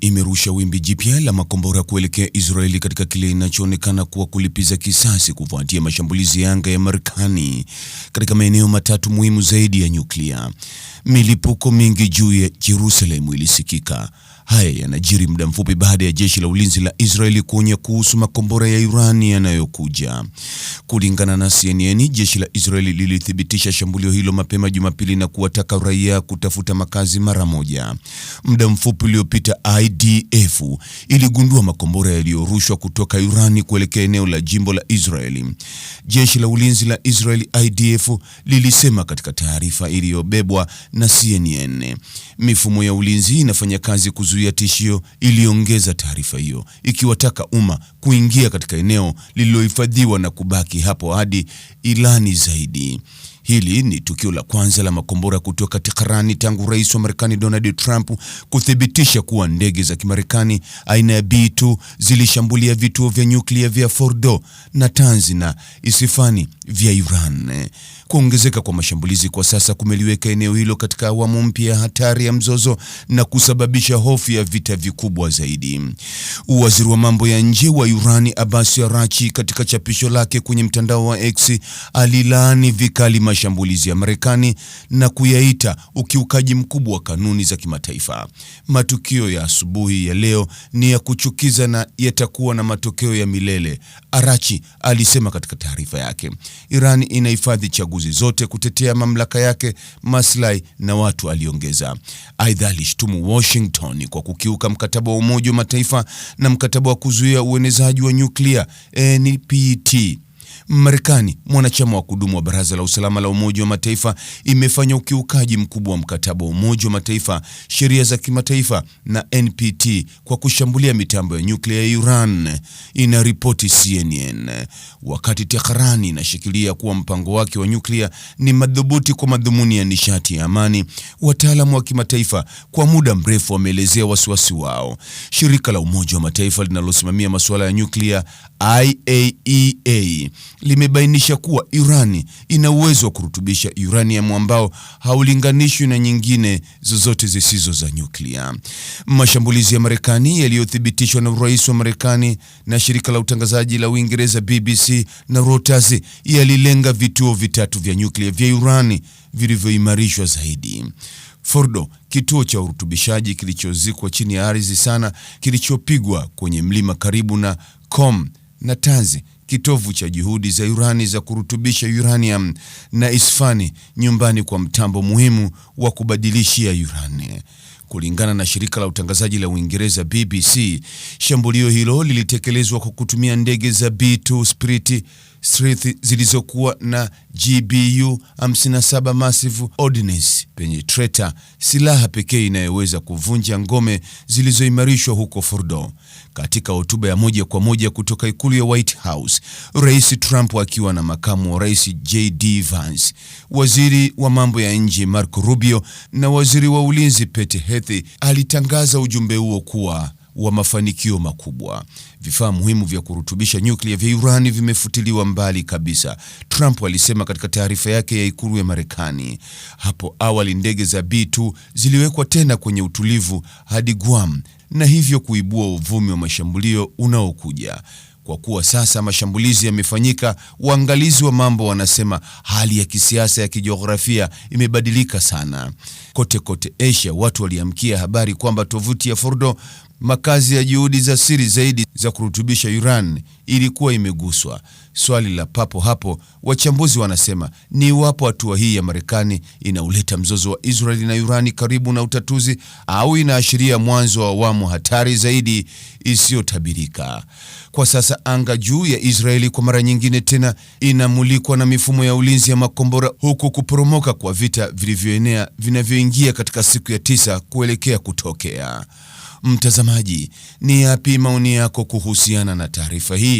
imerusha wimbi jipya la makombora kuelekea Israeli katika kile inachoonekana kuwa kulipiza kisasi kufuatia mashambulizi ya anga ya Marekani katika maeneo matatu muhimu zaidi ya nyuklia. Milipuko mingi juu ya jerusalem ilisikika. Haya yanajiri muda mfupi baada ya jeshi la ulinzi la Israeli kuonya kuhusu makombora ya Irani yanayokuja. Kulingana na CNN, jeshi la Israeli lilithibitisha shambulio hilo mapema Jumapili na kuwataka raia kutafuta makazi mara moja. Muda mfupi uliopita IDF iligundua makombora yaliyorushwa kutoka Irani kuelekea eneo la jimbo la Israeli. Jeshi la ulinzi la Israeli IDF lilisema katika taarifa iliyobebwa na CNN. Mifumo ya ulinzi inafanya kazi kuzuia tishio, iliongeza taarifa hiyo, ikiwataka umma kuingia katika eneo lililohifadhiwa na kubaki hapo hadi ilani zaidi. Hili ni tukio la kwanza la makombora kutoka Teherani tangu Rais wa Marekani Donald Trump kuthibitisha kuwa ndege za Kimarekani aina ya B2 zilishambulia vituo vya nyuklia vya Fordo, Natanz na isifani vya Iran. Kuongezeka kwa mashambulizi kwa sasa kumeliweka eneo hilo katika awamu mpya ya hatari ya mzozo na kusababisha hofu ya vita vikubwa zaidi. Waziri wa mambo ya nje wa Iran Abbas Arachi, katika chapisho lake kwenye mtandao wa X, alilaani vikali mashambulizi ya Marekani na kuyaita ukiukaji mkubwa wa kanuni za kimataifa. Matukio ya asubuhi ya leo ni ya kuchukiza na yatakuwa na matokeo ya milele, Arachi alisema katika taarifa yake. Iran inahifadhi chaguzi zote kutetea mamlaka yake, maslahi na watu, aliongeza. Aidha, alishtumu Washington kwa kukiuka mkataba wa Umoja wa Mataifa na mkataba wa kuzuia uenezaji wa nyuklia NPT. Marekani, mwanachama wa kudumu wa Baraza la Usalama la Umoja wa Mataifa, imefanya ukiukaji mkubwa wa mkataba wa Umoja wa Mataifa, sheria za kimataifa na NPT kwa kushambulia mitambo ya nyuklia ya Iran, inaripoti CNN. Wakati Tehran inashikilia kuwa mpango wake wa nyuklia ni madhubuti kwa madhumuni ya nishati ya amani, wataalamu wa kimataifa kwa muda mrefu wameelezea wasiwasi wao. Shirika la Umoja wa Mataifa linalosimamia masuala ya nyuklia IAEA e limebainisha kuwa Irani ina uwezo wa kurutubisha uranium ambao haulinganishwi na nyingine zozote zisizo za nyuklia. Mashambulizi ya Marekani yaliyothibitishwa na rais wa Marekani na shirika la utangazaji la Uingereza BBC na Reuters yalilenga vituo vitatu vya nyuklia vya Irani vilivyoimarishwa zaidi. Fordo, kituo cha urutubishaji kilichozikwa chini ya ardhi sana, kilichopigwa kwenye mlima karibu na Qom na Tazi kitovu cha juhudi za urani za kurutubisha uranium na Isfani nyumbani kwa mtambo muhimu wa kubadilishia urani. Kulingana na shirika la utangazaji la Uingereza BBC, shambulio hilo lilitekelezwa kwa kutumia ndege za B2 Spirit zilizokuwa na GBU 57 Massive Ordnance Penetrator, silaha pekee inayoweza kuvunja ngome zilizoimarishwa huko Fordo. Katika hotuba ya moja kwa moja kutoka ikulu ya White House, Rais Trump akiwa na makamu wa rais JD Vance, waziri wa mambo ya nje Marco Rubio na waziri wa ulinzi Pete Smith alitangaza ujumbe huo kuwa wa mafanikio makubwa. Vifaa muhimu vya kurutubisha nyuklia vya urani vimefutiliwa mbali kabisa, Trump alisema katika taarifa yake ya ikulu ya Marekani. Hapo awali ndege za B2 ziliwekwa tena kwenye utulivu hadi Guam na hivyo kuibua uvumi wa mashambulio unaokuja. Kwa kuwa sasa mashambulizi yamefanyika, waangalizi wa mambo wanasema hali ya kisiasa ya kijiografia imebadilika sana. Kote kote Asia, watu waliamkia habari kwamba tovuti ya Fordo, makazi ya juhudi za siri zaidi za kurutubisha urani ilikuwa imeguswa. Swali la papo hapo, wachambuzi wanasema ni iwapo hatua hii ya Marekani inauleta mzozo wa Israeli na Irani karibu na utatuzi au inaashiria mwanzo wa awamu hatari zaidi isiyotabirika. Kwa sasa anga juu ya Israeli kwa mara nyingine tena inamulikwa na mifumo ya ulinzi ya makombora, huku kuporomoka kwa vita vilivyoenea vinavyoingia katika siku ya tisa kuelekea kutokea. Mtazamaji, ni yapi maoni yako kuhusiana na taarifa hii?